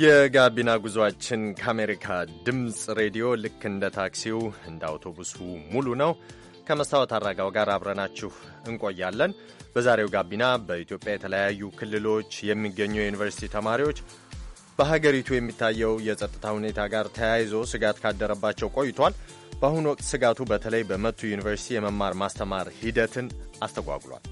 የጋቢና ጉዟችን ከአሜሪካ ድምፅ ሬዲዮ ልክ እንደ ታክሲው እንደ አውቶቡሱ ሙሉ ነው። ከመስታወት አራጋው ጋር አብረናችሁ እንቆያለን። በዛሬው ጋቢና በኢትዮጵያ የተለያዩ ክልሎች የሚገኙ የዩኒቨርሲቲ ተማሪዎች በሀገሪቱ የሚታየው የጸጥታ ሁኔታ ጋር ተያይዞ ስጋት ካደረባቸው ቆይቷል። በአሁኑ ወቅት ስጋቱ በተለይ በመቱ ዩኒቨርሲቲ የመማር ማስተማር ሂደትን አስተጓጉሏል።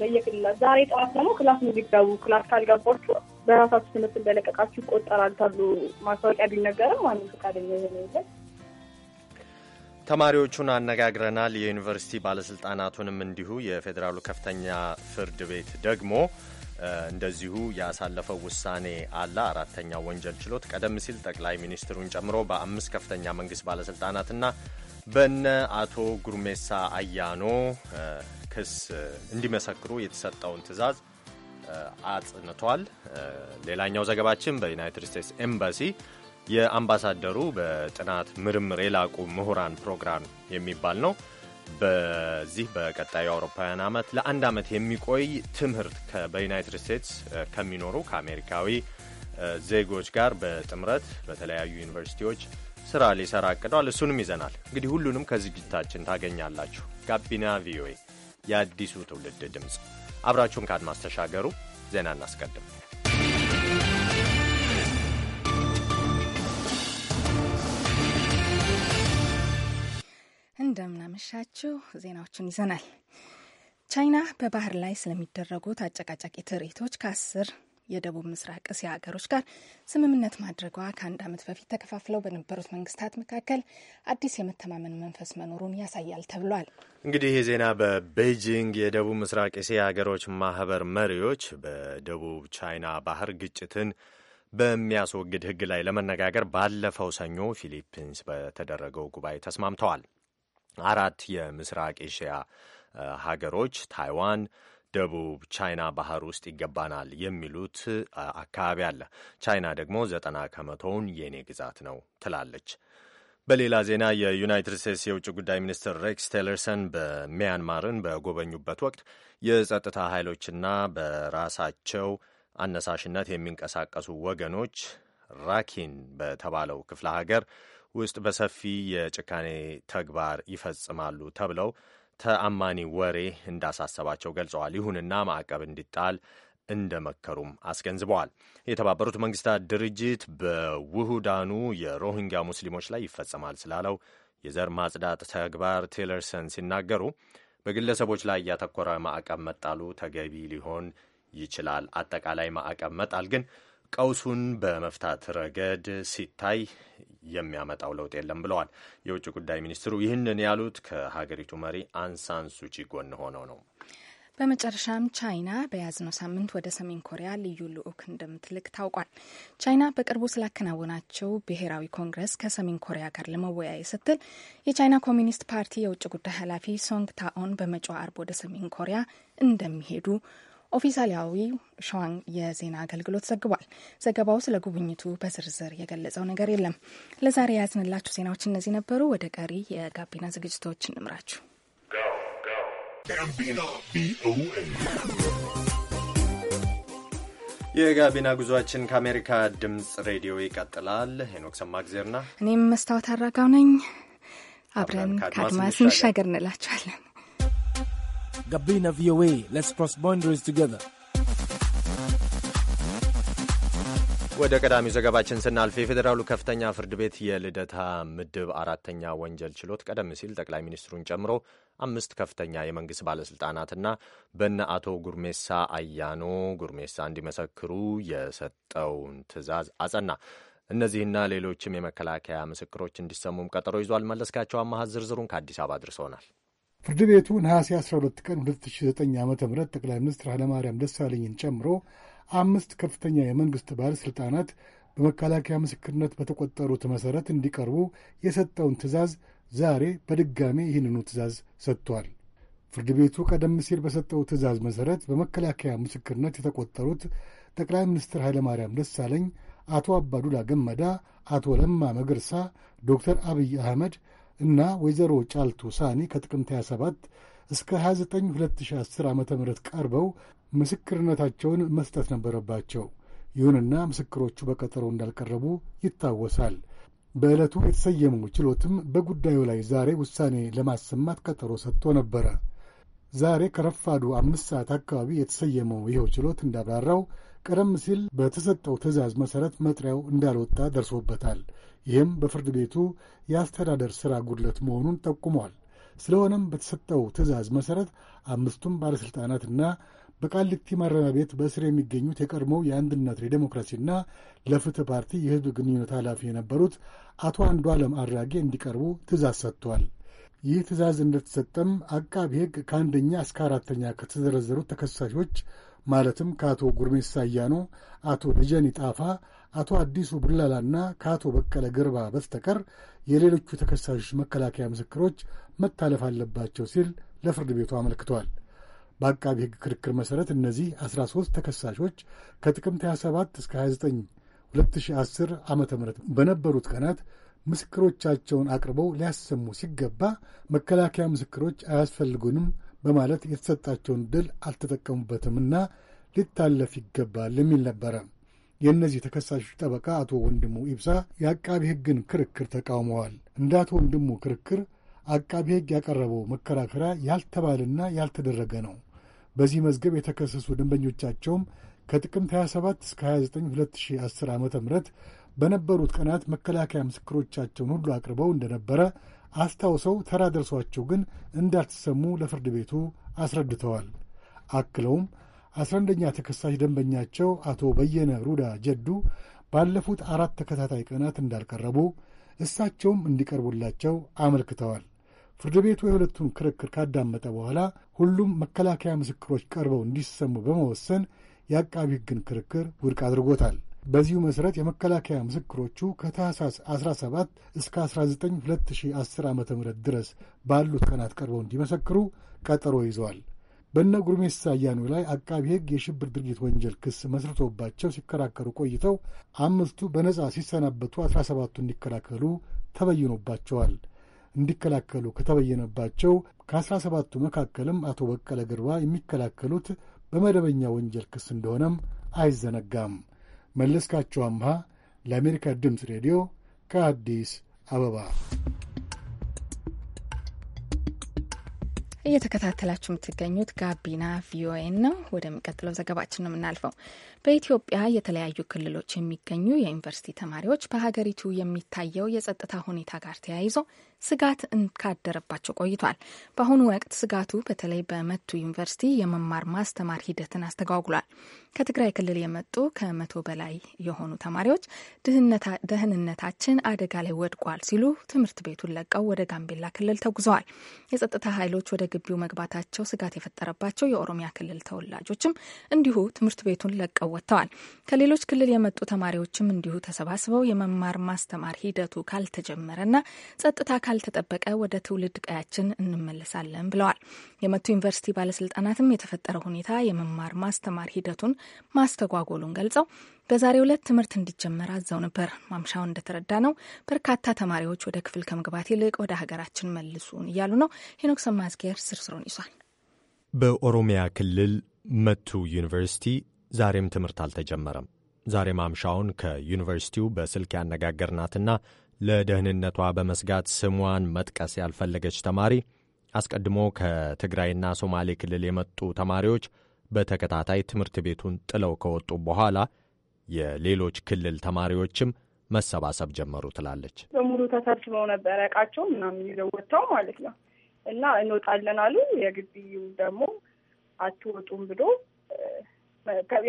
በየክልላ ዛሬ ጠዋት ደግሞ ክላስ እንዲገቡ ክላስ ካልገባችሁ በራሳችሁ ትምህርት እንደለቀቃችሁ ይቆጠራል ተብሎ ማስታወቂያ ቢነገርም ማንም ፈቃደኛ የሆነ የለም። ተማሪዎቹን አነጋግረናል። የዩኒቨርሲቲ ባለስልጣናቱንም እንዲሁ። የፌዴራሉ ከፍተኛ ፍርድ ቤት ደግሞ እንደዚሁ ያሳለፈው ውሳኔ አለ። አራተኛው ወንጀል ችሎት ቀደም ሲል ጠቅላይ ሚኒስትሩን ጨምሮ በአምስት ከፍተኛ መንግስት ባለስልጣናትና በነ አቶ ጉርሜሳ አያኖ ክስ እንዲመሰክሩ የተሰጠውን ትዕዛዝ አጽንቷል። ሌላኛው ዘገባችን በዩናይትድ ስቴትስ ኤምባሲ የአምባሳደሩ በጥናት ምርምር የላቁ ምሁራን ፕሮግራም የሚባል ነው። በዚህ በቀጣዩ አውሮፓውያን ዓመት ለአንድ ዓመት የሚቆይ ትምህርት በዩናይትድ ስቴትስ ከሚኖሩ ከአሜሪካዊ ዜጎች ጋር በጥምረት በተለያዩ ዩኒቨርሲቲዎች ስራ ሊሰራ አቅዷል። እሱንም ይዘናል። እንግዲህ ሁሉንም ከዝግጅታችን ታገኛላችሁ። ጋቢና ቪኦኤ የአዲሱ ትውልድ ድምፅ። አብራችሁን ከአድማስ ተሻገሩ። ዜና እናስቀድም። እንደምናመሻችሁ ዜናዎቹን ይዘናል። ቻይና በባህር ላይ ስለሚደረጉት አጨቃጫቂ ትርኢቶች ከአስር የደቡብ ምስራቅ እስያ ሀገሮች ጋር ስምምነት ማድረጓ ከአንድ ዓመት በፊት ተከፋፍለው በነበሩት መንግስታት መካከል አዲስ የመተማመን መንፈስ መኖሩን ያሳያል ተብሏል። እንግዲህ ይህ ዜና በቤይጂንግ የደቡብ ምስራቅ እስያ ሀገሮች ማህበር መሪዎች በደቡብ ቻይና ባህር ግጭትን በሚያስወግድ ህግ ላይ ለመነጋገር ባለፈው ሰኞ ፊሊፒንስ በተደረገው ጉባኤ ተስማምተዋል። አራት የምስራቅ ኤሽያ ሀገሮች ታይዋን፣ ደቡብ ቻይና ባህር ውስጥ ይገባናል የሚሉት አካባቢ አለ። ቻይና ደግሞ ዘጠና ከመቶውን የእኔ ግዛት ነው ትላለች። በሌላ ዜና የዩናይትድ ስቴትስ የውጭ ጉዳይ ሚኒስትር ሬክስ ቴለርሰን በሚያንማርን በጎበኙበት ወቅት የጸጥታ ኃይሎችና በራሳቸው አነሳሽነት የሚንቀሳቀሱ ወገኖች ራኪን በተባለው ክፍለ ሀገር ውስጥ በሰፊ የጭካኔ ተግባር ይፈጽማሉ ተብለው ተአማኒ ወሬ እንዳሳሰባቸው ገልጸዋል። ይሁንና ማዕቀብ እንዲጣል እንደመከሩም አስገንዝበዋል። የተባበሩት መንግስታት ድርጅት በውሁዳኑ የሮሂንጋ ሙስሊሞች ላይ ይፈጸማል ስላለው የዘር ማጽዳት ተግባር ቴለርሰን ሲናገሩ በግለሰቦች ላይ እያተኮረ ማዕቀብ መጣሉ ተገቢ ሊሆን ይችላል። አጠቃላይ ማዕቀብ መጣል ግን ቀውሱን በመፍታት ረገድ ሲታይ የሚያመጣው ለውጥ የለም ብለዋል። የውጭ ጉዳይ ሚኒስትሩ ይህንን ያሉት ከሀገሪቱ መሪ አንሳን ሱቺ ጎን ሆነው ነው። በመጨረሻም ቻይና በያዝነው ሳምንት ወደ ሰሜን ኮሪያ ልዩ ልዑክ እንደምትልክ ታውቋል። ቻይና በቅርቡ ስላከናወናቸው ብሔራዊ ኮንግረስ ከሰሜን ኮሪያ ጋር ለመወያየት ስትል የቻይና ኮሚኒስት ፓርቲ የውጭ ጉዳይ ኃላፊ ሶንግ ታኦን በመጪው አርብ ወደ ሰሜን ኮሪያ እንደሚሄዱ ኦፊሳላዊው ሸዋን የዜና አገልግሎት ዘግቧል። ዘገባው ስለ ጉብኝቱ በዝርዝር የገለጸው ነገር የለም። ለዛሬ የያዝንላችሁ ዜናዎች እነዚህ ነበሩ። ወደ ቀሪ የጋቢና ዝግጅቶች እንምራችሁ። የጋቢና ጉዟችን ከአሜሪካ ድምፅ ሬዲዮ ይቀጥላል። ሄኖክ ሰማግዜርና እኔም መስታወት አራጋው ነኝ። አብረን ከአድማስ እንሻገር እንላችኋለን። Gabina VOA. Let's cross boundaries together. ወደ ቀዳሚው ዘገባችን ስናልፍ የፌዴራሉ ከፍተኛ ፍርድ ቤት የልደታ ምድብ አራተኛ ወንጀል ችሎት ቀደም ሲል ጠቅላይ ሚኒስትሩን ጨምሮ አምስት ከፍተኛ የመንግስት ባለስልጣናትና በነ አቶ ጉርሜሳ አያኖ ጉርሜሳ እንዲመሰክሩ የሰጠውን ትዕዛዝ አጸና። እነዚህና ሌሎችም የመከላከያ ምስክሮች እንዲሰሙም ቀጠሮ ይዟል። መለስካቸው አማሃ ዝርዝሩን ከአዲስ አበባ አድርሰውናል። ፍርድ ቤቱ ነሐሴ 12 ቀን 2009 ዓ ም ጠቅላይ ሚኒስትር ኃይለማርያም ደሳለኝን ጨምሮ አምስት ከፍተኛ የመንግሥት ባለሥልጣናት በመከላከያ ምስክርነት በተቆጠሩት መሠረት እንዲቀርቡ የሰጠውን ትእዛዝ ዛሬ በድጋሜ ይህንኑ ትእዛዝ ሰጥቷል። ፍርድ ቤቱ ቀደም ሲል በሰጠው ትእዛዝ መሠረት በመከላከያ ምስክርነት የተቆጠሩት ጠቅላይ ሚኒስትር ኃይለማርያም ደሳለኝ፣ አቶ አባዱላ ገመዳ፣ አቶ ለማ መገርሳ፣ ዶክተር አብይ አህመድ እና ወይዘሮ ጫልቱ ሳኒ ከጥቅምት 27 እስከ 29 2010 ዓ ም ቀርበው ምስክርነታቸውን መስጠት ነበረባቸው። ይሁንና ምስክሮቹ በቀጠሮ እንዳልቀረቡ ይታወሳል። በዕለቱ የተሰየመው ችሎትም በጉዳዩ ላይ ዛሬ ውሳኔ ለማሰማት ቀጠሮ ሰጥቶ ነበረ። ዛሬ ከረፋዱ አምስት ሰዓት አካባቢ የተሰየመው ይኸው ችሎት እንዳብራራው ቀደም ሲል በተሰጠው ትዕዛዝ መሠረት መጥሪያው እንዳልወጣ ደርሶበታል። ይህም በፍርድ ቤቱ የአስተዳደር ሥራ ጉድለት መሆኑን ጠቁሟል። ስለሆነም በተሰጠው ትዕዛዝ መሠረት አምስቱም ባለሥልጣናትና በቃሊቲ ማረሚያ ቤት በእስር የሚገኙት የቀድሞው የአንድነት ለዲሞክራሲና ለፍትህ ፓርቲ የሕዝብ ግንኙነት ኃላፊ የነበሩት አቶ ዓለም አድራጌ እንዲቀርቡ ትእዛዝ ሰጥቷል። ይህ ትእዛዝ እንደተሰጠም አቃቢ ሕግ ከአንደኛ እስከ አራተኛ ከተዘረዘሩት ተከሳሾች ማለትም ከአቶ ጉርሜሳ አያኖ፣ አቶ ደጀኔ ጣፋ፣ አቶ አዲሱ ቡላላና ከአቶ በቀለ ገርባ በስተቀር የሌሎቹ ተከሳሾች መከላከያ ምስክሮች መታለፍ አለባቸው ሲል ለፍርድ ቤቱ አመልክቷል። በአቃቢ ሕግ ክርክር መሠረት እነዚህ 13 ተከሳሾች ከጥቅምት 27 እስከ 29 2010 ዓ ም በነበሩት ቀናት ምስክሮቻቸውን አቅርበው ሊያሰሙ ሲገባ መከላከያ ምስክሮች አያስፈልጉንም በማለት የተሰጣቸውን ድል አልተጠቀሙበትምና ሊታለፍ ይገባል የሚል ነበረ። የእነዚህ ተከሳሾች ጠበቃ አቶ ወንድሙ ኢብሳ የአቃቢ ሕግን ክርክር ተቃውመዋል። እንደ አቶ ወንድሙ ክርክር አቃቢ ሕግ ያቀረበው መከራከሪያ ያልተባለና ያልተደረገ ነው። በዚህ መዝገብ የተከሰሱ ደንበኞቻቸውም ከጥቅምት 27 እስከ 29 2010 ዓ ም በነበሩት ቀናት መከላከያ ምስክሮቻቸውን ሁሉ አቅርበው እንደነበረ አስታውሰው ተራ ደርሷቸው ግን እንዳልተሰሙ ለፍርድ ቤቱ አስረድተዋል። አክለውም አስራ አንደኛ ተከሳሽ ደንበኛቸው አቶ በየነ ሩዳ ጀዱ ባለፉት አራት ተከታታይ ቀናት እንዳልቀረቡ እሳቸውም እንዲቀርቡላቸው አመልክተዋል። ፍርድ ቤቱ የሁለቱን ክርክር ካዳመጠ በኋላ ሁሉም መከላከያ ምስክሮች ቀርበው እንዲሰሙ በመወሰን የአቃቢ ሕግን ክርክር ውድቅ አድርጎታል። በዚሁ መሠረት የመከላከያ ምስክሮቹ ከታህሳስ 17 እስከ 19 2010 ዓ ም ድረስ ባሉት ቀናት ቀርበው እንዲመሰክሩ ቀጠሮ ይዘዋል። በነ ጉርሜሳ አያኑ ላይ አቃቢ ሕግ የሽብር ድርጊት ወንጀል ክስ መስርቶባቸው ሲከራከሩ ቆይተው አምስቱ በነጻ ሲሰናበቱ 17ቱ እንዲከላከሉ ተበይኖባቸዋል። እንዲከላከሉ ከተበየነባቸው ከ17ቱ መካከልም አቶ በቀለ ግርባ የሚከላከሉት በመደበኛ ወንጀል ክስ እንደሆነም አይዘነጋም። መለስካቸው አምሃ ለአሜሪካ ድምፅ ሬዲዮ ከአዲስ አበባ እየተከታተላችሁ የምትገኙት ጋቢና ቪኦኤን ነው። ወደሚቀጥለው ዘገባችን ነው የምናልፈው። በኢትዮጵያ የተለያዩ ክልሎች የሚገኙ የዩኒቨርሲቲ ተማሪዎች በሀገሪቱ የሚታየው የጸጥታ ሁኔታ ጋር ተያይዞ ስጋት ካደረባቸው ቆይቷል። በአሁኑ ወቅት ስጋቱ በተለይ በመቱ ዩኒቨርሲቲ የመማር ማስተማር ሂደትን አስተጓጉሏል። ከትግራይ ክልል የመጡ ከመቶ በላይ የሆኑ ተማሪዎች ደህንነታችን አደጋ ላይ ወድቋል ሲሉ ትምህርት ቤቱን ለቀው ወደ ጋምቤላ ክልል ተጉዘዋል። የጸጥታ ኃይሎች ወደ ግቢው መግባታቸው ስጋት የፈጠረባቸው የኦሮሚያ ክልል ተወላጆችም እንዲሁ ትምህርት ቤቱን ለቀው ወጥተዋል። ከሌሎች ክልል የመጡ ተማሪዎችም እንዲሁ ተሰባስበው የመማር ማስተማር ሂደቱ ካልተጀመረና ጸጥታ ካልተጠበቀ ወደ ትውልድ ቀያችን እንመለሳለን ብለዋል። የመቱ ዩኒቨርሲቲ ባለስልጣናትም የተፈጠረው ሁኔታ የመማር ማስተማር ሂደቱን ማስተጓጎሉን ገልጸው በዛሬው ዕለት ትምህርት እንዲጀመር አዘው ነበር። ማምሻውን እንደተረዳ ነው በርካታ ተማሪዎች ወደ ክፍል ከመግባት ይልቅ ወደ ሀገራችን መልሱን እያሉ ነው። ሄኖክ ሰማዝጌር ስርስሩን ይዟል። በኦሮሚያ ክልል መቱ ዩኒቨርሲቲ ዛሬም ትምህርት አልተጀመረም። ዛሬ ማምሻውን ከዩኒቨርሲቲው በስልክ ያነጋገርናትና ለደህንነቷ በመስጋት ስሟን መጥቀስ ያልፈለገች ተማሪ አስቀድሞ ከትግራይና ሶማሌ ክልል የመጡ ተማሪዎች በተከታታይ ትምህርት ቤቱን ጥለው ከወጡ በኋላ የሌሎች ክልል ተማሪዎችም መሰባሰብ ጀመሩ ትላለች። በሙሉ ተሰብስበው ነበረ እቃቸው ምናምን ይዘው ወጥተው ማለት ነው እና እንወጣለን አሉ። የግቢው ደግሞ አትወጡም ብሎ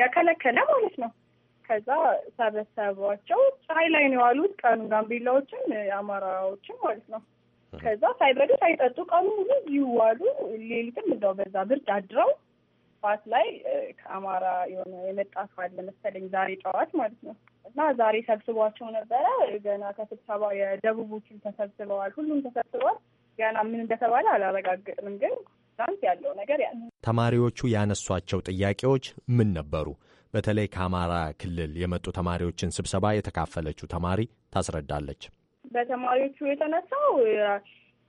ያከለከለ ማለት ነው። ከዛ ሰበሰቧቸው ፀሐይ ላይ ነው የዋሉት ቀኑ ጋምቤላዎችን አማራዎችን ማለት ነው። ከዛ ሳይበሉ ሳይጠጡ ቀኑ ሙሉ ይዋሉ፣ ሌሊትም እዛው በዛ ብርድ አድረው ጠዋት ላይ ከአማራ የሆነ የመጣ ሰው አለ መሰለኝ ዛሬ ጠዋት ማለት ነው። እና ዛሬ ሰብስቧቸው ነበረ። ገና ከስብሰባ የደቡቦችን ተሰብስበዋል፣ ሁሉም ተሰብስበዋል። ገና ምን እንደተባለ አላረጋግጥም፣ ግን ትናንት ያለው ነገር ያለ ተማሪዎቹ ያነሷቸው ጥያቄዎች ምን ነበሩ? በተለይ ከአማራ ክልል የመጡ ተማሪዎችን ስብሰባ የተካፈለችው ተማሪ ታስረዳለች። በተማሪዎቹ የተነሳው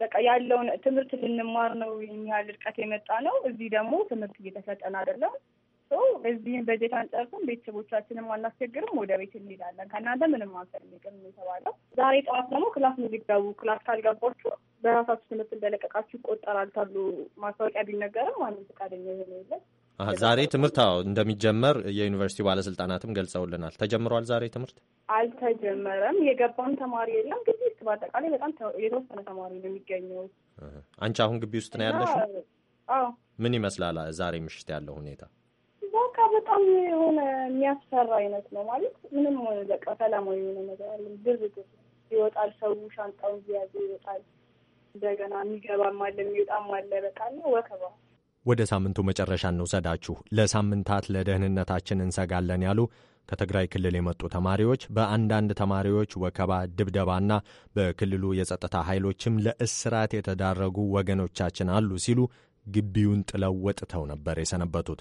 በቃ ያለውን ትምህርት ልንማር ነው ያህል እርቀት የመጣ ነው። እዚህ ደግሞ ትምህርት እየተሰጠን አይደለም። እዚህም በጀት አንጨርስም፣ ቤተሰቦቻችንም አናስቸግርም፣ ወደ ቤት እንሄዳለን፣ ከእናንተ ምንም አንፈልግም የተባለው ዛሬ ጠዋት ደግሞ ክላስ እንዲገቡ ክላስ ካልገባችሁ በራሳችሁ ትምህርት እንደለቀቃችሁ ይቆጠራል ተብሎ ማስታወቂያ ቢነገርም ማንም ፈቃደኛ የሆነ የለም። ዛሬ ትምህርት አዎ እንደሚጀመር የዩኒቨርሲቲ ባለስልጣናትም ገልጸውልናል። ተጀምሯል። ዛሬ ትምህርት አልተጀመረም። የገባም ተማሪ የለም። ግቢ ውስጥ በአጠቃላይ በጣም የተወሰነ ተማሪ ነው የሚገኘው። አንቺ አሁን ግቢ ውስጥ ነው ያለሽ? ምን ይመስላል ዛሬ ምሽት ያለው ሁኔታ? በቃ በጣም የሆነ የሚያስፈራ አይነት ነው ማለት ምንም በቃ ሰላማዊ የሆነ ነገር አለ። ግርግር ይወጣል። ሰው ሻንጣውን እየያዘ ይወጣል። እንደገና የሚገባም አለ የሚወጣም አለ። በቃ ነው ወከባ ወደ ሳምንቱ መጨረሻ እንውሰዳችሁ። ለሳምንታት ለደህንነታችን እንሰጋለን ያሉ ከትግራይ ክልል የመጡ ተማሪዎች በአንዳንድ ተማሪዎች ወከባ፣ ድብደባና በክልሉ የጸጥታ ኃይሎችም ለእስራት የተዳረጉ ወገኖቻችን አሉ ሲሉ ግቢውን ጥለው ወጥተው ነበር የሰነበቱት።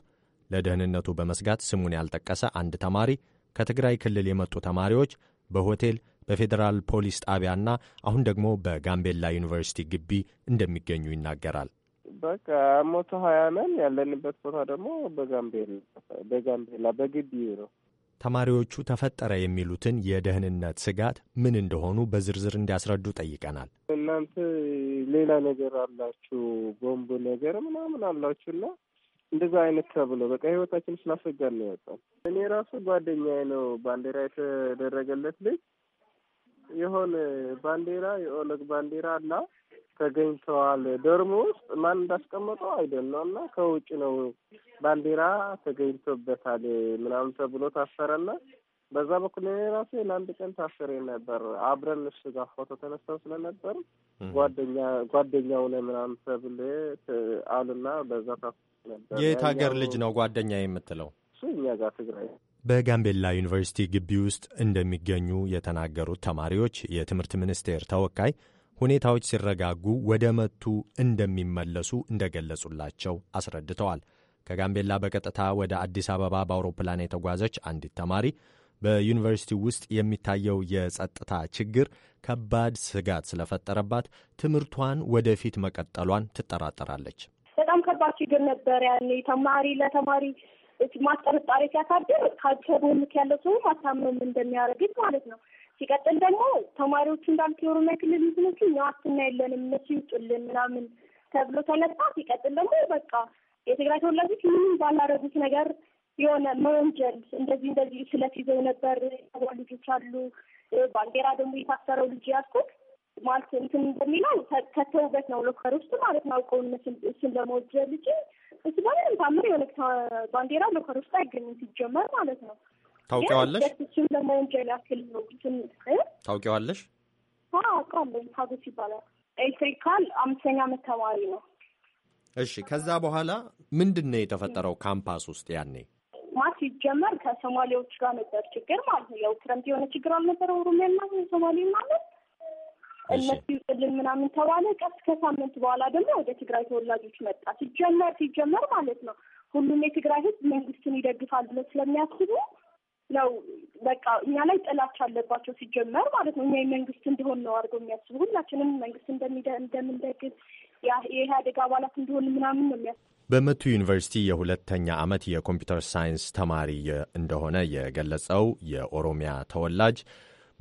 ለደህንነቱ በመስጋት ስሙን ያልጠቀሰ አንድ ተማሪ ከትግራይ ክልል የመጡ ተማሪዎች በሆቴል በፌዴራል ፖሊስ ጣቢያና አሁን ደግሞ በጋምቤላ ዩኒቨርሲቲ ግቢ እንደሚገኙ ይናገራል። በቃ መቶ ሀያ ነን። ያለንበት ቦታ ደግሞ በጋምቤላ በጋምቤላ በግቢ ነው። ተማሪዎቹ ተፈጠረ የሚሉትን የደህንነት ስጋት ምን እንደሆኑ በዝርዝር እንዲያስረዱ ጠይቀናል። እናንተ ሌላ ነገር አላችሁ፣ ቦምብ ነገር ምናምን አላችሁና እንደዛ አይነት ተብሎ በቃ ህይወታችን ስላስፈጋድ ነው ያወጣል። እኔ ራሱ ጓደኛዬ ነው ባንዲራ የተደረገለት ልጅ የሆነ ባንዲራ የኦነግ ባንዲራ አላ ተገኝተዋል። ዶርም ውስጥ ማን እንዳስቀመጠው አይደለም እና ከውጭ ነው ባንዲራ ተገኝቶበታል ምናምን ተብሎ ታሰረና በዛ በኩል እኔ ራሴ ለአንድ ቀን ታስሬ ነበር። አብረን እሱ ጋር ፎቶ ተነስተው ስለነበር ጓደኛ ጓደኛው ነህ ምናምን ተብል አሉና በዛ ታስ ነበር። የት ሀገር ልጅ ነው ጓደኛ የምትለው? እሱ እኛ ጋር ትግራይ በጋምቤላ ዩኒቨርሲቲ ግቢ ውስጥ እንደሚገኙ የተናገሩት ተማሪዎች የትምህርት ሚኒስቴር ተወካይ ሁኔታዎች ሲረጋጉ ወደ መቱ እንደሚመለሱ እንደገለጹላቸው አስረድተዋል። ከጋምቤላ በቀጥታ ወደ አዲስ አበባ በአውሮፕላን የተጓዘች አንዲት ተማሪ በዩኒቨርሲቲ ውስጥ የሚታየው የጸጥታ ችግር ከባድ ስጋት ስለፈጠረባት ትምህርቷን ወደፊት መቀጠሏን ትጠራጠራለች። በጣም ከባድ ችግር ነበር። ያኔ ተማሪ ለተማሪ ማስጠርጣሪ ሲያሳድር ከጎንክ ያለው ሰው ማሳመም እንደሚያደርግት ማለት ነው። ሲቀጥል ደግሞ ተማሪዎቹ እንዳሉት የኦሮሚያ ክልል ምስሎች እኛ ዋስትና የለንም እነሱ ይውጡልን ምናምን ተብሎ ተነሳ። ሲቀጥል ደግሞ በቃ የትግራይ ተወላጆች ምንም ባላረጉት ነገር የሆነ መወንጀል እንደዚህ እንደዚህ ስለት ይዘው ነበር ተባሉ ልጆች አሉ። ባንዴራ ደግሞ የታሰረው ልጅ ያልኩት ማለት እንትን እንደሚለው ከተውበት ነው ሎከር ውስጥ ማለት ነው አውቀውን እሱን ለመወጀል ልጅ እሱ በምንም ታምር የሆነ ባንዴራ ሎከር ውስጥ አይገኝም ሲጀመር ማለት ነው። ታውቂዋለሽ? እሱም ደግሞ ያክል ነው። ታውቂዋለሽ? አውቃለሁ። ታጎስ ይባላል። ኤሌክትሪካል አምስተኛ ዓመት ተማሪ ነው። እሺ፣ ከዛ በኋላ ምንድን ነው የተፈጠረው ካምፓስ ውስጥ ያኔ? ማ ሲጀመር ከሶማሌዎች ጋር ነበር ችግር ማለት ነው። ያው ክረምት የሆነ ችግር አልነበረ ኦሮሚያና ሶማሌ ማለት እነሱ ይውጥልን ምናምን ተባለ። ቀስ ከሳምንት በኋላ ደግሞ ወደ ትግራይ ተወላጆች መጣ። ሲጀመር ሲጀመር ማለት ነው ሁሉም የትግራይ ህዝብ መንግስትን ይደግፋል ብለው ስለሚያስቡ ነው በቃ እኛ ላይ ጥላቻ አለባቸው ሲጀመር ማለት ነው። እኛ የመንግስት እንደሆን ነው አድርገው የሚያስቡ ሁላችንም መንግስት እንደምንደግፍ የኢህአዴግ አባላት እንደሆን ምናምን ነው የሚያስ በመቱ ዩኒቨርሲቲ የሁለተኛ ዓመት የኮምፒውተር ሳይንስ ተማሪ እንደሆነ የገለጸው የኦሮሚያ ተወላጅ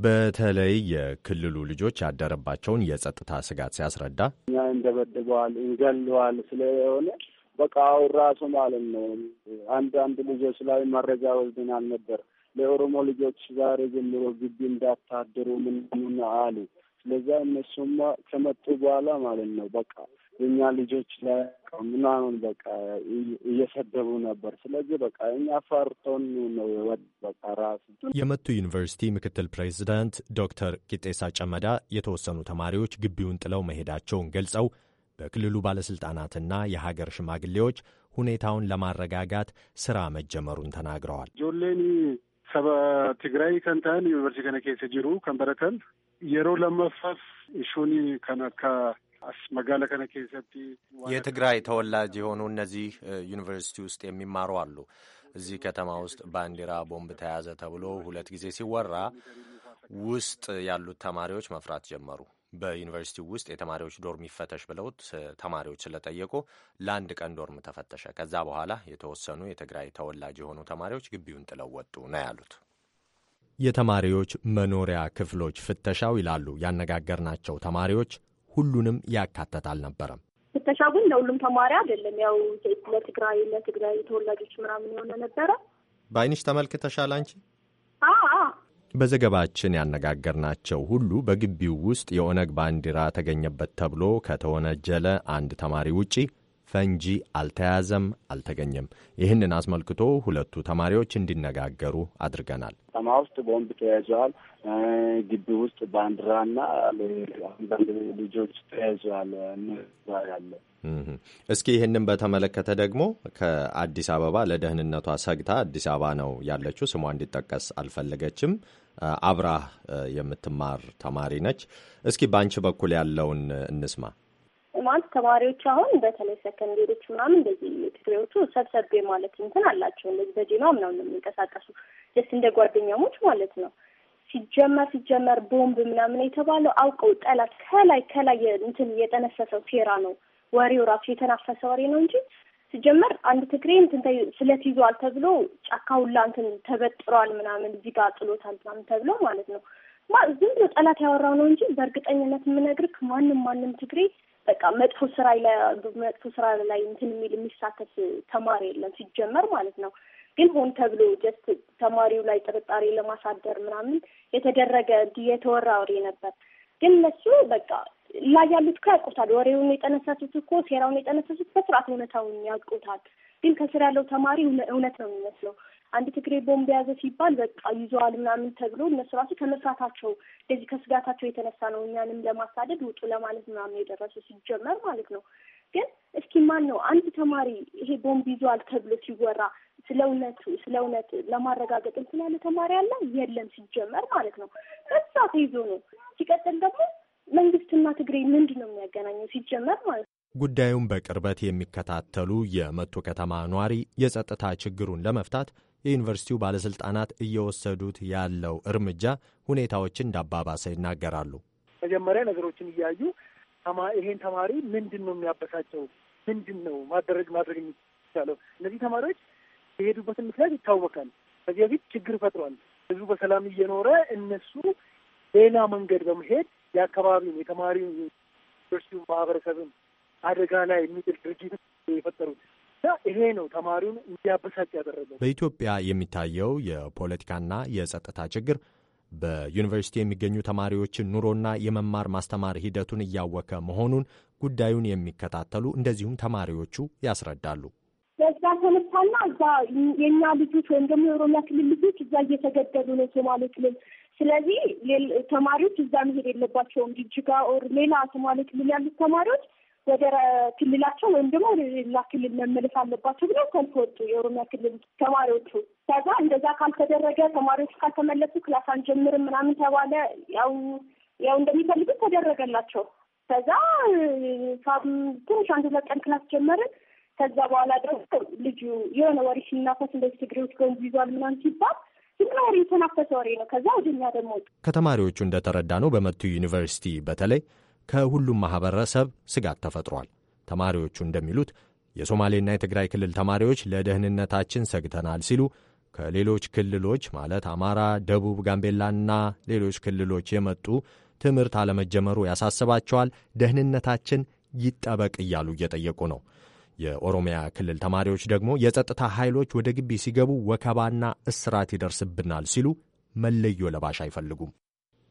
በተለይ የክልሉ ልጆች ያደረባቸውን የጸጥታ ስጋት ሲያስረዳ እኛ እንደበድበዋል እንገለዋል ስለሆነ በቃ አሁን ራሱ ማለት ነው አንዳንድ ልጆች ላይ መረጃ ወስደናል ነበር ለኦሮሞ ልጆች ዛሬ ጀምሮ ግቢ እንዳታደሩ ምንምን አሉ። ስለዛ እነሱማ ከመጡ በኋላ ማለት ነው በቃ እኛ ልጆች ላይ ምናምን በቃ እየሰደቡ ነበር። ስለዚህ በቃ እኛ ፈርቶን ነው በቃ ራሱ የመቱ ዩኒቨርሲቲ ምክትል ፕሬዚዳንት ዶክተር ቂጤሳ ጨመዳ የተወሰኑ ተማሪዎች ግቢውን ጥለው መሄዳቸውን ገልጸው በክልሉ ባለስልጣናትና የሀገር ሽማግሌዎች ሁኔታውን ለማረጋጋት ስራ መጀመሩን ተናግረዋል። ጆሌኒ saba Tigraay kan ta'an yuunivarsiitii kana keessa jiru kan baratan yeroo lammaffaaf ishuun kan akka as magaala kana keessatti የትግራይ ተወላጅ የሆኑ እነዚህ ዩኒቨርሲቲ ውስጥ የሚማሩ አሉ። እዚህ ከተማ ውስጥ ባንዲራ ቦምብ ተያዘ ተብሎ ሁለት ጊዜ ሲወራ ውስጥ ያሉት ተማሪዎች መፍራት ጀመሩ። በዩኒቨርሲቲው ውስጥ የተማሪዎች ዶርም ይፈተሽ ብለውት ተማሪዎች ስለጠየቁ ለአንድ ቀን ዶርም ተፈተሸ። ከዛ በኋላ የተወሰኑ የትግራይ ተወላጅ የሆኑ ተማሪዎች ግቢውን ጥለው ወጡ ነው ያሉት። የተማሪዎች መኖሪያ ክፍሎች ፍተሻው ይላሉ ያነጋገርናቸው ተማሪዎች ሁሉንም ያካተት አልነበረም። ፍተሻው ግን ለሁሉም ተማሪ አይደለም። ያው ለትግራይ ለትግራይ ተወላጆች ምናምን የሆነ ነበረ። በአይንሽ ተመልክተሻል አንቺ? በዘገባችን ያነጋገርናቸው ሁሉ በግቢው ውስጥ የኦነግ ባንዲራ ተገኘበት ተብሎ ከተወነጀለ አንድ ተማሪ ውጪ ፈንጂ አልተያዘም፣ አልተገኘም። ይህንን አስመልክቶ ሁለቱ ተማሪዎች እንዲነጋገሩ አድርገናል። ከተማ ውስጥ ቦምብ ተያይዘዋል። ግቢ ውስጥ ባንዲራና አንዳንድ ልጆች ተያይዘዋል ያለ እስኪ ይህንን በተመለከተ ደግሞ ከአዲስ አበባ ለደህንነቷ ሰግታ አዲስ አበባ ነው ያለችው፣ ስሟ እንዲጠቀስ አልፈለገችም። አብራህ የምትማር ተማሪ ነች። እስኪ በአንቺ በኩል ያለውን እንስማ። ማለት ተማሪዎች አሁን በተለይ ሰከንዴሮች ምናምን እንደዚህ ትግሬዎቹ ሰብሰብ ማለት እንትን አላቸው እንደዚህ በዜማ ምናምን የሚንቀሳቀሱ ደስ እንደ ጓደኛሞች ማለት ነው። ሲጀመር ሲጀመር ቦምብ ምናምን የተባለው አውቀው ጠላት ከላይ ከላይ እንትን የጠነሰሰው ሴራ ነው። ወሬው ራሱ የተናፈሰ ወሬ ነው እንጂ ሲጀመር አንድ ትግሬ እንትን ስለት ይዟል ተብሎ ጫካ ሁላ እንትን ተበጥሯል ምናምን እዚህ ጋር ጥሎታል ምናምን ተብሎ ማለት ነው። ዝም ብሎ ጠላት ያወራው ነው እንጂ በእርግጠኝነት የምነግርህ ማንም ማንም ትግሬ በቃ መጥፎ ስራ ላይ መጥፎ ስራ ላይ እንትን የሚል የሚሳተፍ ተማሪ የለም ሲጀመር ማለት ነው። ግን ሆን ተብሎ ጀስት ተማሪው ላይ ጥርጣሬ ለማሳደር ምናምን የተደረገ የተወራ ወሬ ነበር። ግን እነሱ በቃ ላይ ያሉት እኮ ያውቁታል። ወሬውን የጠነሰሱት እኮ ሴራውን የጠነሰሱት በስርዓት እውነታውን ያውቁታል። ግን ከስር ያለው ተማሪ እውነት ነው የሚመስለው አንድ ትግሬ ቦምብ የያዘ ሲባል በቃ ይዘዋል ምናምን ተብሎ እነሱ ራሱ ከመስራታቸው እንደዚህ ከስጋታቸው የተነሳ ነው እኛንም ለማሳደድ ውጡ ለማለት ምናምን የደረሱ ሲጀመር ማለት ነው። ግን እስኪ ማን ነው አንድ ተማሪ ይሄ ቦምብ ይዟል ተብሎ ሲወራ ስለ እውነቱ ስለ እውነት ለማረጋገጥ እንትን ያለ ተማሪ አለ? የለም ሲጀመር ማለት ነው። በዛ ተይዞ ነው። ሲቀጥል ደግሞ መንግስትና ትግሬ ምንድን ነው የሚያገናኘው ሲጀመር ማለት ነው። ጉዳዩን በቅርበት የሚከታተሉ የመቱ ከተማ ኗሪ የጸጥታ ችግሩን ለመፍታት የዩኒቨርሲቲው ባለሥልጣናት እየወሰዱት ያለው እርምጃ ሁኔታዎችን እንዳባባሰ ይናገራሉ። መጀመሪያ ነገሮችን እያዩ ይሄን ተማሪ ምንድን ነው የሚያበሳቸው? ምንድን ነው ማደረግ ማድረግ የሚቻለው? እነዚህ ተማሪዎች የሄዱበትን ምክንያት ይታወቃል። ከዚህ በፊት ችግር ፈጥሯል። ህዝቡ በሰላም እየኖረ እነሱ ሌላ መንገድ በመሄድ የአካባቢውን የተማሪውን ዩኒቨርሲቲውን ማህበረሰብን አደጋ ላይ የሚጥል ድርጊት የፈጠሩት እና ይሄ ነው ተማሪውን እንዲያበሳጭ ያደረገው። በኢትዮጵያ የሚታየው የፖለቲካና የጸጥታ ችግር በዩኒቨርሲቲ የሚገኙ ተማሪዎችን ኑሮና የመማር ማስተማር ሂደቱን እያወከ መሆኑን ጉዳዩን የሚከታተሉ እንደዚሁም ተማሪዎቹ ያስረዳሉ። በዛ ተነሳና እዛ የእኛ ልጆች ወይም ደግሞ የኦሮሚያ ክልል ልጆች እዛ እየተገደሉ ነው ሶማሌ ክልል። ስለዚህ ተማሪዎች እዛ መሄድ የለባቸውም። ጅጅጋ ኦር ሌላ ሶማሌ ክልል ያሉት ተማሪዎች ወደ ክልላቸው ወይም ደግሞ ሌላ ክልል መመለስ አለባቸው ብለው ሰልፍ ወጡ። የኦሮሚያ ክልል ተማሪዎቹ። ከዛ እንደዛ ካልተደረገ ተማሪዎቹ ካልተመለሱ ክላስ አንጀምርም ምናምን ተባለ። ያው ያው እንደሚፈልጉት ተደረገላቸው። ከዛ ትንሽ አንድ ሁለት ቀን ክላስ ጀመርን። ከዛ በኋላ ደግሞ ልጁ የሆነ ወሬ ሲናፈስ እንደዚህ ትግሬዎች ገንቡ ይዟል ምናምን ሲባል ወሬ የተናፈሰ ወሬ ነው። ከዛ ወደኛ ደግሞ ከተማሪዎቹ እንደተረዳ ነው በመቱ ዩኒቨርሲቲ በተለይ ከሁሉም ማህበረሰብ ስጋት ተፈጥሯል። ተማሪዎቹ እንደሚሉት የሶማሌና የትግራይ ክልል ተማሪዎች ለደህንነታችን ሰግተናል ሲሉ ከሌሎች ክልሎች ማለት አማራ፣ ደቡብ፣ ጋምቤላና ሌሎች ክልሎች የመጡ ትምህርት አለመጀመሩ ያሳስባቸዋል፣ ደህንነታችን ይጠበቅ እያሉ እየጠየቁ ነው። የኦሮሚያ ክልል ተማሪዎች ደግሞ የጸጥታ ኃይሎች ወደ ግቢ ሲገቡ ወከባና እስራት ይደርስብናል ሲሉ መለዮ ለባሽ አይፈልጉም።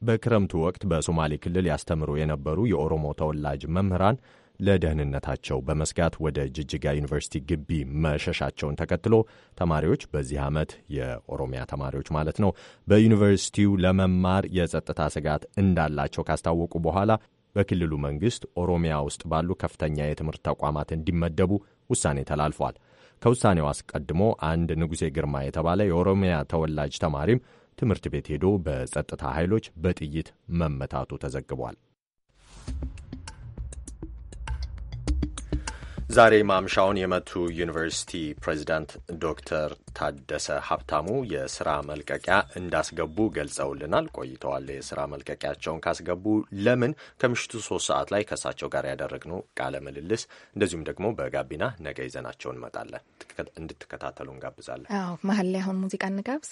በክረምቱ ወቅት በሶማሌ ክልል ያስተምሩ የነበሩ የኦሮሞ ተወላጅ መምህራን ለደህንነታቸው በመስጋት ወደ ጅጅጋ ዩኒቨርሲቲ ግቢ መሸሻቸውን ተከትሎ ተማሪዎች በዚህ ዓመት የኦሮሚያ ተማሪዎች ማለት ነው በዩኒቨርሲቲው ለመማር የጸጥታ ስጋት እንዳላቸው ካስታወቁ በኋላ በክልሉ መንግሥት ኦሮሚያ ውስጥ ባሉ ከፍተኛ የትምህርት ተቋማት እንዲመደቡ ውሳኔ ተላልፏል። ከውሳኔው አስቀድሞ አንድ ንጉሴ ግርማ የተባለ የኦሮሚያ ተወላጅ ተማሪም ትምህርት ቤት ሄዶ በጸጥታ ኃይሎች በጥይት መመታቱ ተዘግቧል። ዛሬ ማምሻውን የመቱ ዩኒቨርሲቲ ፕሬዚዳንት ዶክተር ታደሰ ሀብታሙ የስራ መልቀቂያ እንዳስገቡ ገልጸውልናል። ቆይተዋል። የስራ መልቀቂያቸውን ካስገቡ ለምን ከምሽቱ ሶስት ሰዓት ላይ ከእሳቸው ጋር ያደረግነው ቃለ ምልልስ እንደዚሁም ደግሞ በጋቢና ነገ ይዘናቸው እንመጣለን። እንድትከታተሉ እንጋብዛለን። አዎ መሀል ላይ አሁን ሙዚቃ እንጋብዝ።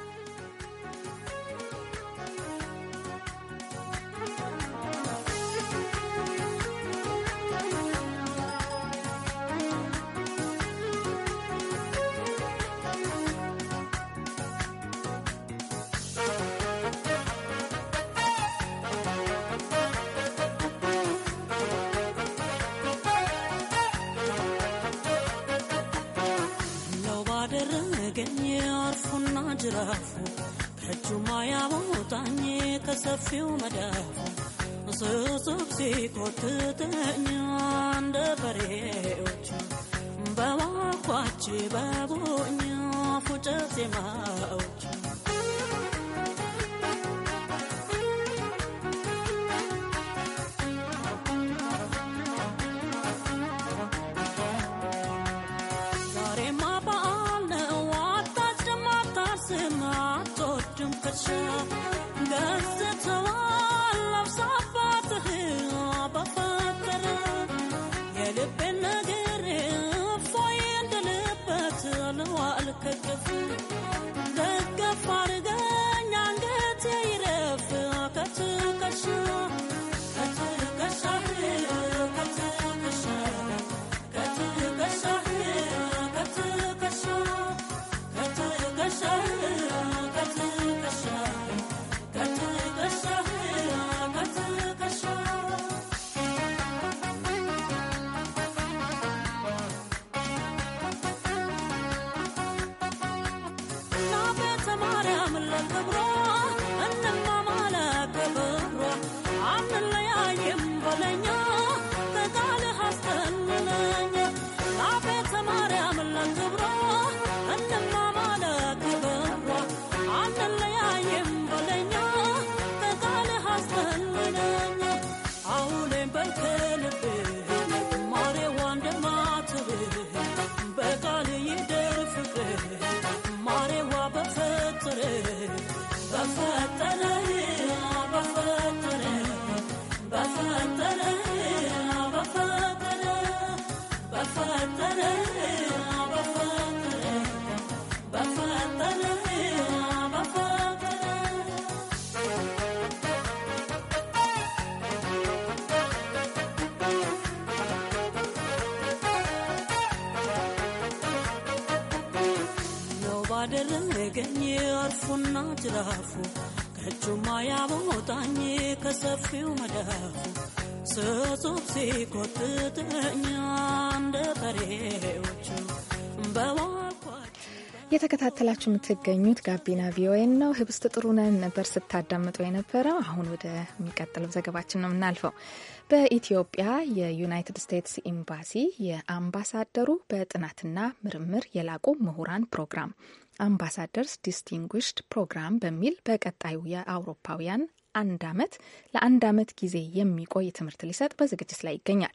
በጥፊው መዳፉ ስብስብ ሲኮትተኝ እንደ በሬዎች በባኳች በቦኛ ፉጨት ዜማ ቢያገኝ አርፎና ጅራፉ ከእጁማ ያቦጣኝ ከሰፊው መዳፉ ስጹብ ሲቆጥጠኛ እንደ በሬዎቹ የተከታተላችሁ የምትገኙት ጋቢና ቪኦኤ ነው። ህብስት ጥሩነን ነበር ስታዳምጠው የነበረው። አሁን ወደሚቀጥለው ዘገባችን ነው የምናልፈው። በኢትዮጵያ የዩናይትድ ስቴትስ ኤምባሲ የአምባሳደሩ በጥናትና ምርምር የላቁ ምሁራን ፕሮግራም አምባሳደርስ ዲስቲንጉሽድ ፕሮግራም በሚል በቀጣዩ የአውሮፓውያን አንድ አመት ለአንድ አመት ጊዜ የሚቆይ ትምህርት ሊሰጥ በዝግጅት ላይ ይገኛል።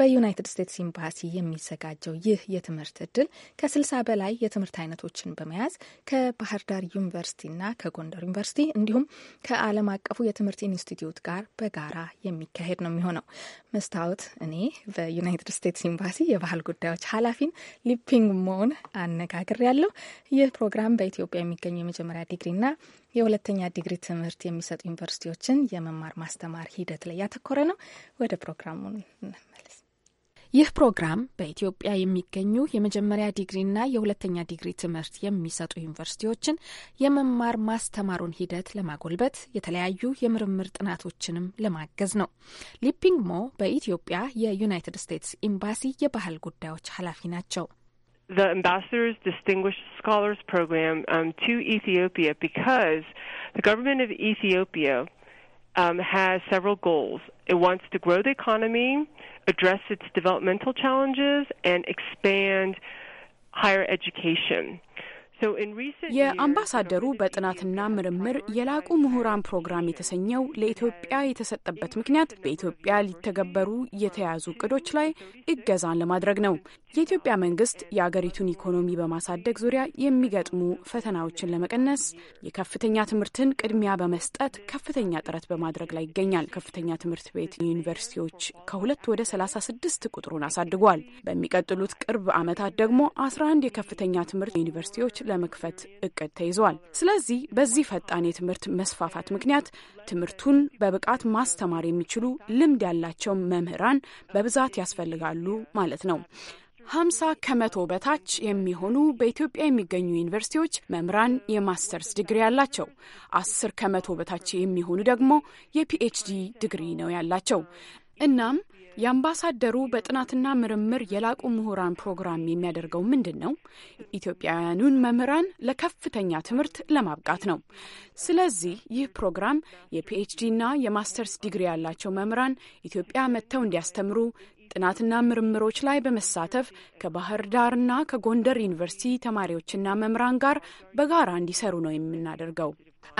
በዩናይትድ ስቴትስ ኤምባሲ የሚዘጋጀው ይህ የትምህርት እድል ከ60 በላይ የትምህርት አይነቶችን በመያዝ ከባህር ዳር ዩኒቨርሲቲና ከጎንደር ዩኒቨርሲቲ እንዲሁም ከዓለም አቀፉ የትምህርት ኢንስቲትዩት ጋር በጋራ የሚካሄድ ነው የሚሆነው። መስታወት፣ እኔ በዩናይትድ ስቴትስ ኤምባሲ የባህል ጉዳዮች ኃላፊን ሊፒንግ ሞን አነጋግር ያለው ይህ ፕሮግራም በኢትዮጵያ የሚገኙ የመጀመሪያ ዲግሪና የሁለተኛ ዲግሪ ትምህርት የሚሰጡ ዩኒቨርሲቲዎችን የመማር ማስተማር ሂደት ላይ ያተኮረ ነው። ወደ ፕሮግራሙ ይህ ፕሮግራም በኢትዮጵያ የሚገኙ የመጀመሪያ ዲግሪና የሁለተኛ ዲግሪ ትምህርት የሚሰጡ ዩኒቨርሲቲዎችን የመማር ማስተማሩን ሂደት ለማጎልበት የተለያዩ የምርምር ጥናቶችንም ለማገዝ ነው። ሊፒንግ ሞ በኢትዮጵያ የዩናይትድ ስቴትስ ኤምባሲ የባህል ጉዳዮች ኃላፊ ናቸው። The Ambassador's Distinguished Scholars Program um, to Ethiopia because the government of Ethiopia um, has several goals. It wants to grow the economy, address its developmental challenges, and expand higher education. የአምባሳደሩ በጥናትና ምርምር የላቁ ምሁራን ፕሮግራም የተሰኘው ለኢትዮጵያ የተሰጠበት ምክንያት በኢትዮጵያ ሊተገበሩ የተያዙ እቅዶች ላይ እገዛን ለማድረግ ነው። የኢትዮጵያ መንግስት የአገሪቱን ኢኮኖሚ በማሳደግ ዙሪያ የሚገጥሙ ፈተናዎችን ለመቀነስ የከፍተኛ ትምህርትን ቅድሚያ በመስጠት ከፍተኛ ጥረት በማድረግ ላይ ይገኛል። ከፍተኛ ትምህርት ቤት ዩኒቨርሲቲዎች ከሁለት ወደ 36 ቁጥሩን አሳድጓል። በሚቀጥሉት ቅርብ ዓመታት ደግሞ 11 የከፍተኛ ትምህርት ዩኒቨርሲቲዎች ለመክፈት እቅድ ተይዘዋል። ስለዚህ በዚህ ፈጣን የትምህርት መስፋፋት ምክንያት ትምህርቱን በብቃት ማስተማር የሚችሉ ልምድ ያላቸው መምህራን በብዛት ያስፈልጋሉ ማለት ነው። ሀምሳ ከመቶ በታች የሚሆኑ በኢትዮጵያ የሚገኙ ዩኒቨርሲቲዎች መምህራን የማስተርስ ዲግሪ ያላቸው፣ አስር ከመቶ በታች የሚሆኑ ደግሞ የፒኤችዲ ዲግሪ ነው ያላቸው እናም የአምባሳደሩ በጥናትና ምርምር የላቁ ምሁራን ፕሮግራም የሚያደርገው ምንድን ነው? ኢትዮጵያውያኑን መምህራን ለከፍተኛ ትምህርት ለማብቃት ነው። ስለዚህ ይህ ፕሮግራም የፒኤችዲና የማስተርስ ዲግሪ ያላቸው መምህራን ኢትዮጵያ መጥተው እንዲያስተምሩ ጥናትና ምርምሮች ላይ በመሳተፍ ከባህር ዳርና ከጎንደር ዩኒቨርሲቲ ተማሪዎችና መምህራን ጋር በጋራ እንዲሰሩ ነው የምናደርገው።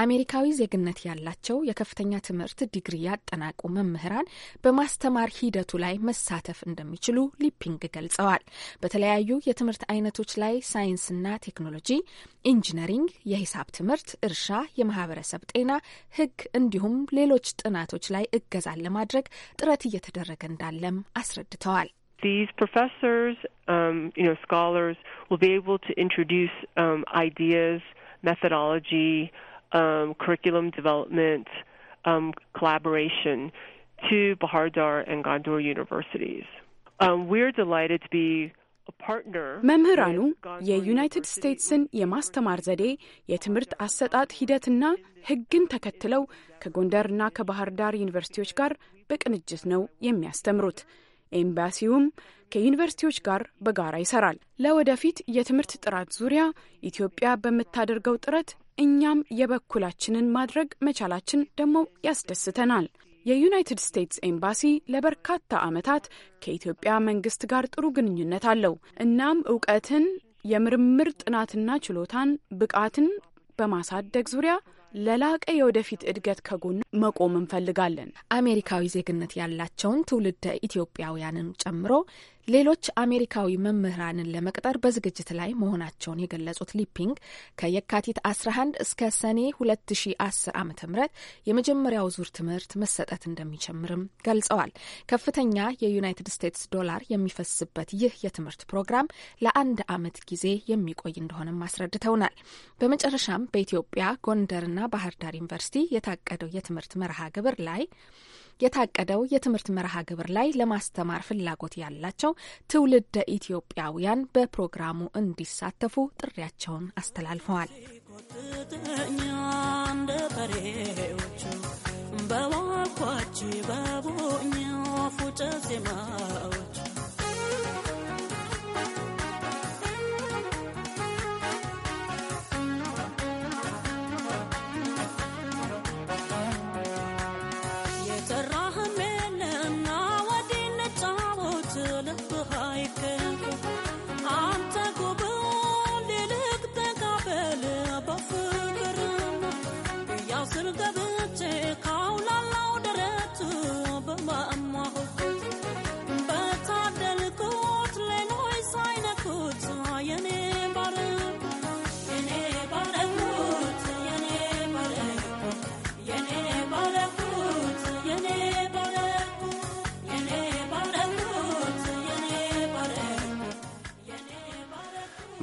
አሜሪካዊ ዜግነት ያላቸው የከፍተኛ ትምህርት ዲግሪ ያጠናቁ መምህራን በማስተማር ሂደቱ ላይ መሳተፍ እንደሚችሉ ሊፒንግ ገልጸዋል። በተለያዩ የትምህርት አይነቶች ላይ ሳይንስና ቴክኖሎጂ፣ ኢንጂነሪንግ፣ የሂሳብ ትምህርት፣ እርሻ፣ የማህበረሰብ ጤና፣ ሕግ እንዲሁም ሌሎች ጥናቶች ላይ እገዛን ለማድረግ ጥረት እየተደረገ እንዳለም አስረድተዋል። These professors, um, you know, scholars will be able to introduce um, ideas, methodology, um, curriculum development um, collaboration to Bahardar and Gondor universities. Um, we're delighted to be መምህራኑ የዩናይትድ ስቴትስን የማስተማር ዘዴ የትምህርት አሰጣጥ ሂደትና ሕግን ተከትለው ከጎንደርና ከባህር ዳር ዩኒቨርሲቲዎች ጋር በቅንጅት ነው የሚያስተምሩት። ኤምባሲውም ከዩኒቨርሲቲዎች ጋር በጋራ ይሰራል። ለወደፊት የትምህርት ጥራት ዙሪያ ኢትዮጵያ በምታደርገው ጥረት እኛም የበኩላችንን ማድረግ መቻላችን ደግሞ ያስደስተናል። የዩናይትድ ስቴትስ ኤምባሲ ለበርካታ ዓመታት ከኢትዮጵያ መንግስት ጋር ጥሩ ግንኙነት አለው። እናም እውቀትን፣ የምርምር ጥናትና ችሎታን፣ ብቃትን በማሳደግ ዙሪያ ለላቀ የወደፊት እድገት ከጎኑ መቆም እንፈልጋለን። አሜሪካዊ ዜግነት ያላቸውን ትውልደ ኢትዮጵያውያንን ጨምሮ ሌሎች አሜሪካዊ መምህራንን ለመቅጠር በዝግጅት ላይ መሆናቸውን የገለጹት ሊፒንግ ከየካቲት 11 እስከ ሰኔ 2010 ዓ ም የመጀመሪያው ዙር ትምህርት መሰጠት እንደሚጀምርም ገልጸዋል። ከፍተኛ የዩናይትድ ስቴትስ ዶላር የሚፈስበት ይህ የትምህርት ፕሮግራም ለአንድ ዓመት ጊዜ የሚቆይ እንደሆነም አስረድተውናል። በመጨረሻም በኢትዮጵያ ጎንደርና ባህር ዳር ዩኒቨርሲቲ የታቀደው የትምህርት መርሃ ግብር ላይ የታቀደው የትምህርት መርሃ ግብር ላይ ለማስተማር ፍላጎት ያላቸው ትውልደ ኢትዮጵያውያን በፕሮግራሙ እንዲሳተፉ ጥሪያቸውን አስተላልፈዋል። በዋልኳች በቦኛ ፉጨ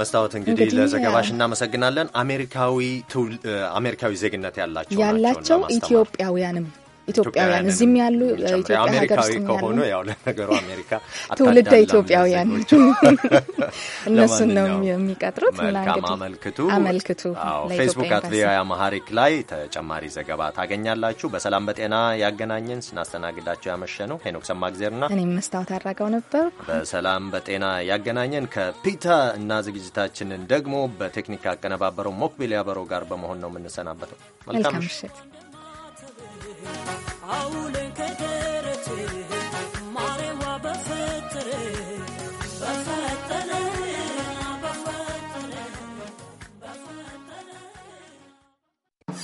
መስታወት እንግዲህ ለዘገባሽ እናመሰግናለን። አሜሪካዊ ዜግነት ያላቸው ያላቸው ኢትዮጵያውያንም ኢትዮጵያውያን እዚህም ያሉ ኢትዮጵያ ያው ለነገሩ አሜሪካ ትውልደ ኢትዮጵያውያን እነሱን ነው የሚቀጥሩት። መልካም አመልክቱ አመልክቱ። ፌስቡክ አት ቪኦኤ አማሃሪክ ላይ ተጨማሪ ዘገባ ታገኛላችሁ። በሰላም በጤና ያገናኘን። ስናስተናግዳቸው ያመሸ ነው ሄኖክ ሰማግዜርና እኔም መስታወት አድረገው ነበር። በሰላም በጤና ያገናኘን ከፒታ እና ዝግጅታችንን ደግሞ በቴክኒክ አቀነባበረው ሞክቢል ያበረው ጋር በመሆን ነው የምንሰናበተው። መልካም ምሽት። አውለን ከደረትህ